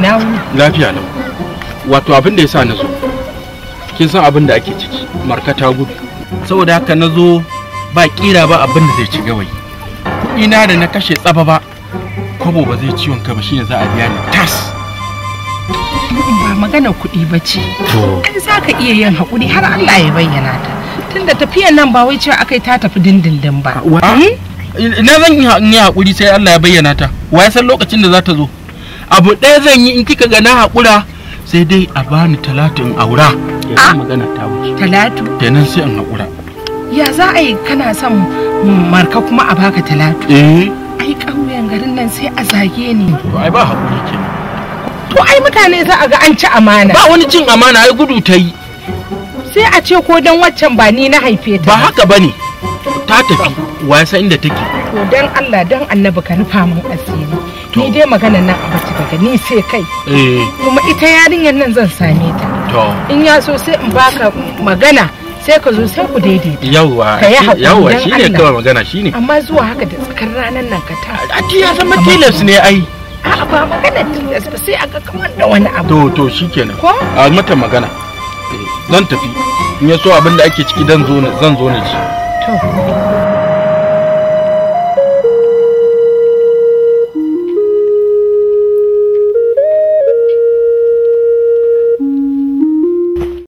na lafiya lau wato abin da ya sa na zo kin san abin da ake ciki markata gudu saboda haka na zo ba kira ba abin da zai ci gawayi kuɗina da na kashe tsaba ba kwabo ba zai ciwon ka ba shine za a biya ni tas ba magana kuɗi ba ce in za ka iya yin haƙuri har Allah ya bayyana ta tunda tafiyan nan ba wai cewa akai ta tafi dindindin ba hmm? ina zan yi haƙuri sai Allah ya bayyana ta wa ya san lokacin da za ta zo abu ɗaya zan yi in kika ga na haƙura sai dai a bani talatu in aura ya ah! magana ta wuce talatu kenan sai in haƙura ya za a yi kana son marka kuma a baka talatu eh ai ƙauyen garin nan sai a zage ni to ai ba haƙuri kenan to ai mutane za a ga an ci amana ba wani cin amana ai gudu ta yi sai a ce ko dan waccan ba ni na haife ta ba haka bane ta tafi wa san inda take to dan Allah dan annabi ka rufa min asiri ni dai magana nan a bace daga ni sai kai eh. kuma ita yarinyar nan zan same ta in ya so sai in baka magana sai ka zo sai ku daidaita yawwa yawwa shine kawai magana shine amma zuwa haka da tsakar ranar nan ka ta a ya zama tilas ne ai a'a ba magana tilas ba sai aka kamar da wani abu to to shikenan a mata magana eh, zan tafi in ya so abin da ake ciki dan zo zan zo ne shi to